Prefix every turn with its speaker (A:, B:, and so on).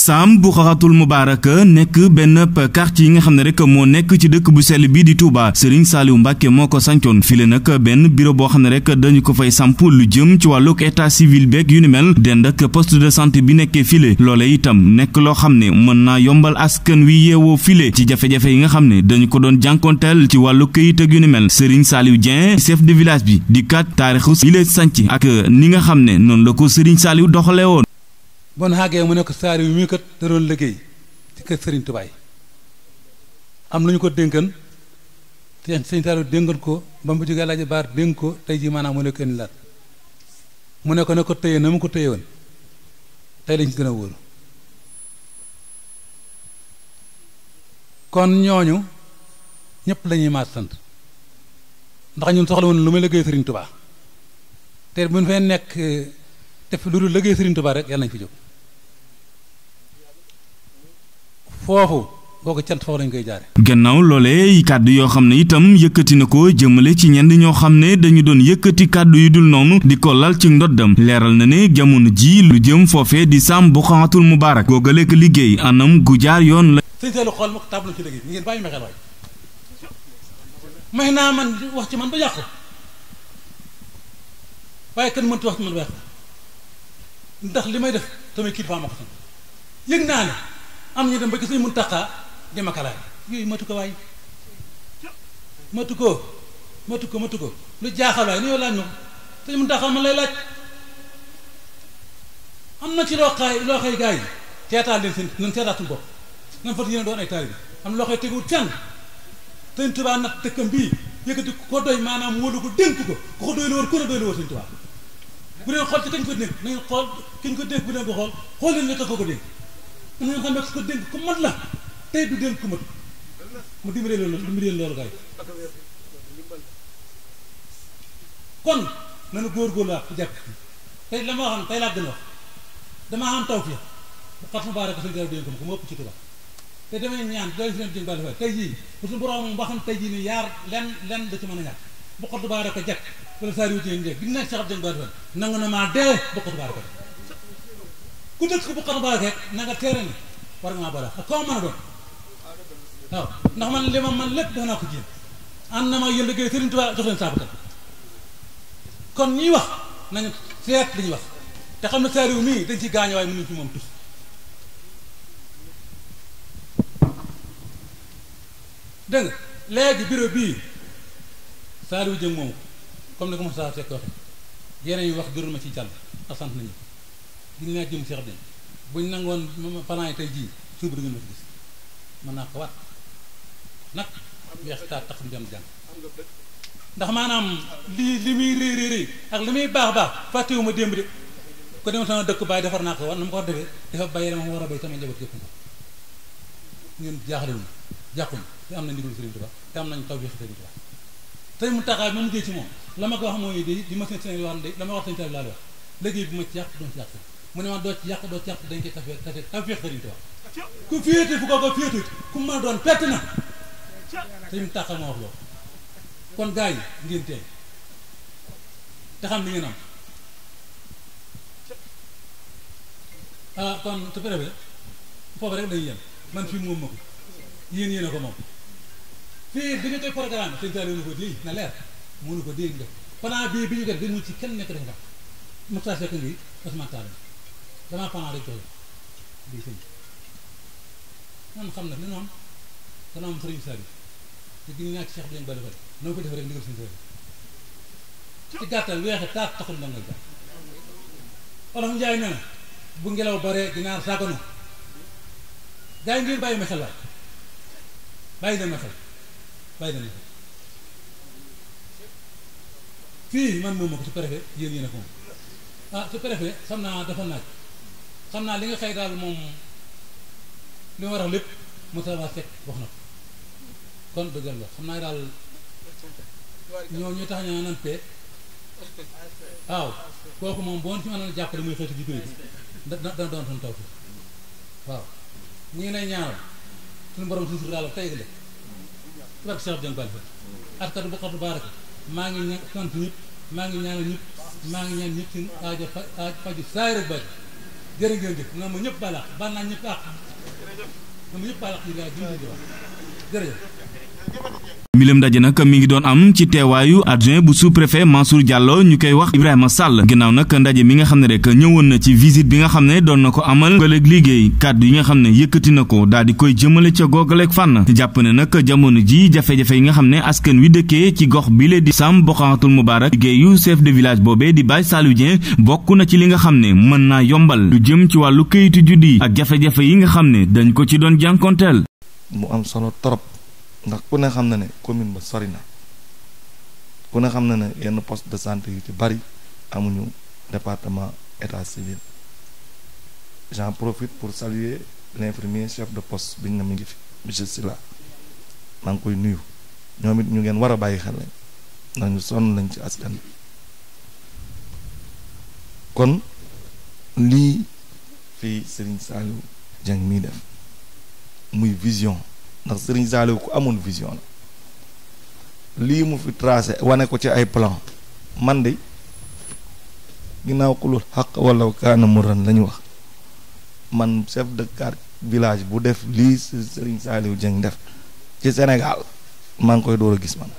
A: Sam bu xaratul mubaaraka nekk benn quartier yi nga xam ne rek moo nekk ci dëkk bu sell bii di Touba Serigne Saliou Mbacke moo ko sancoon file nag benn bureau boo xam ne rek dañu ko fay samp lu jëm ci wàllug état civil beeg yu ni mel dend ak post de santé bi nekkee file loole itam nekk loo xam ne mën naa yombal askan wi yeewoo file ci jafe-jafe yi nga xam ne dañu ko doon jànkonteel ci wàllu kayit ak yu ni mel Serigne Saliou Dieng chef de village bi di kat taarixu yi lee sanc ak ni nga xam ne noonu la ko Serigne Saliou doxalee woon
B: ne xàggee mu ne ko saari wi muy kat da doon liggéey ci kër sëriñ tubaay am lu ñu ko dénkan te sëriñ saari dénkan ko ba mu jógee laaj baar dénk ko tey jii maanaam mu ne ko indi laat mu ne ko ne téye na mu ko téye woon tey lañ ci gën a wóoru kon ñooñu ñëpp lañuy maas sant ndax ñun soxla woon lu may liggéey sëriñ tubaa te bu ñu fee nekk def lu dul liggéey Sëriñ Tuubaa rek yàlla nañ fi jóg foofu kooku cant foofu lañ koy jaare
A: gannaaw loolee kàddu yoo xam ne itam yëkkati na ko jëmale ci ñenn ñoo xam ne dañu doon yëkkati kàddu yu dul noonu di ko lal ci ndoddam leeral na ne jamono ji lu jëm foofee di sàmm bu xawatul mubaarak googaleek liggéey anam gu jaar yoon la
B: sëñ Saliou ma waay man wax yàqu ndax li may def tamit kilifa ma naa ne am ñu dem ba gis nañ mun matu ko waay matu ko matu ko matu ko lu jaaxal waay ni yow laaj ma te mun taqaa man am na ci loo xaay loo xay gars yi teetaal leen seen nan teetaatul bopp nan fat yéen doon ay taalibe am loo xay teguwul fenn sëñ tubaa nag dëkkam bii yëkkati ko doy maanaam wóolu ko dénk ko ko ko doy la war ku doy la war sëñ tubaa bu dee xool ci kañ ko dégg nañu xool kañ ko dégg bu dee ko xool xool leen ne ka ko ko dégg danañ xam ne ko dégg ku la tey du dégg ku mat mu dimbali loolu dimbali leen loolu kay kon nanu góorgóorlu ak jàpp la ma tey laa gën wax damaa am taw fii bu xat mu baaree ko seen daaw dégg ko mu ëpp ci te damay ñaan doy si leen jëm baal tey jii bu suñu borom waxoon tey jii ni yaar lenn len da ci mën a ñàkk bu xottu baa da ko jekk xam na maa dee bu xottu baa da ko ku dëkk bu xottu baa rek na nga teere ni war a naa ko jéem ànd ñuy wax nañu seet li ñuy wax te xam ne saa riw mii dañ ci gaaño waaye mënuñ ci moom tus dégg nga léegi bii Saliou Dieng moomu comme ni ko Moussa Seck waxee yeneen yi wax gërul ma ci jàll ak sant nañu ko gis naa jëm Cheikh Dieng buñ nangoon parents yi jii suba da ngeen ma fi gis mën naa ko waat nag weex taat tax dem jàng ndax maanaam lii li muy rëy rëy rëy ak li muy baax baax fàttewu ma démb de ko dem sama dëkk bàyyi defar naa ko war na ma ko war defee dafa bàyyi dama war a béy sama njaboot yëpp ñun jaaxlewuñu jàppuñu te am nañ ndigalu Sëriñ Tuubaa te am nañ taw bi Sëriñ sëñ Muntaxa man liggéey ci moom la ma ko wax mooy day di ma sëñ Sénégal wax day la ma wax sëñ Sénégal laa wax liggéey bi ma ci yàq doon ci yàq mu ne ma doo ci yàq doo ci yàq dañ koy tafe tafe tafeex sëriñ Tuubaa ku féete fu ko ko féetut ku mën a doon pett na sëñ Muntaxa moo wax loolu kon gars yi ngeen teey te xam li ngeen am ah kon te préfet foofu rek dañuy yem man fii moom ma ko yéen yéen a ko moom te bi ñu koy programme sëñ Saliou na ko déy ko déy nga plan bii bi ñu def dañu ci kenn nekk def nga Moussa Seck ngi damaa plan rek joxe di sëñ man xam na ne noonu dana am sëriñ Saliou te gis naa ci Cheikh bi lañ bëri bëri def ko defee rek ndigal sëñ Saliou ci gàttal nga jàpp bu ngelaw bare ginaar saako na gaa yi ngeen bàyyi ma xel bàyyi dem fii man moom ma ko su préfet yéen yéen a ko ah su préfet xam naa dafa naaj xam naa li nga xëy daal moom li ma war a lépp Moustapha Seck wax na ko kon dëggal la xam naa daal ñoo ñu tax ñaa nan pee waaw kooku moom boo ci mën a jàppale muy xeetu jikko yi da da dana doon taw waaw ñu ngi lay ñaanal suñu borom suñu daal tey la wak sab jon bal fa akkatu bu xatu baraka maa ngi ñaan sant ñëpp maa ngi ñaanal ñëpp maa ngi ñaan ñëpp seen aajo aaj faju saay rek baj jërë ngeen jëf nga ma ñëpp balaax ban naa ñëpp àq nga ma ñëpp balaax yi laa dund di wax
A: jërëjëf milem ndaje nag mi ngi doon am ci teewaayu adjoint bu sous-préfet Mansour ñu koy wax Ibrahima Sall ginnaaw nag ndaje mi nga xam ne rek ñëwoon na ci visite bi nga xam ne doon na ko amal gëlëg liggéey kàddu yi nga xam ne yëkkati na ko daal di koy jëmale ca googaleeg fànn jàpp ne nag jamono ji jafe-jafe yi nga xam ne askan wi dëkkee ci gox bi le di Sam Bokhatul Moubarak liggéeyu chef de village boobee di Baye Saliou Dieng bokk na ci li nga xam ne mën naa yombal lu jëm ci wàllu këyitu juddi ak jafe yi nga xam ne dañ ko ci doon jànkonteel
C: mu ndax ku ne xam na ne commune ba sori na ku ne xam na ne yenn post de santé yu ci bari amuñu département état civil j'en profite pour saluer l'infirmier chef de poste bi ñu ne mi ngi fi monsieur Sylla maa ngi koy nuyu ñoom it ñu ngeen war a bàyyi xel lañ ndax ñu sonn lañ ci askan kon lii fii Serigne Saliou Dieng mii def muy vision ndax sëriñ Saliou ku amoon vision la lii mu fi tracé wane ko ci ay plan man de ginnaaw xulul xaq wala kaana muran la ñu wax man chef de quartier village bu def lii sëriñ Saliou Dieng def ci Sénégal maa ngi koy door a gis man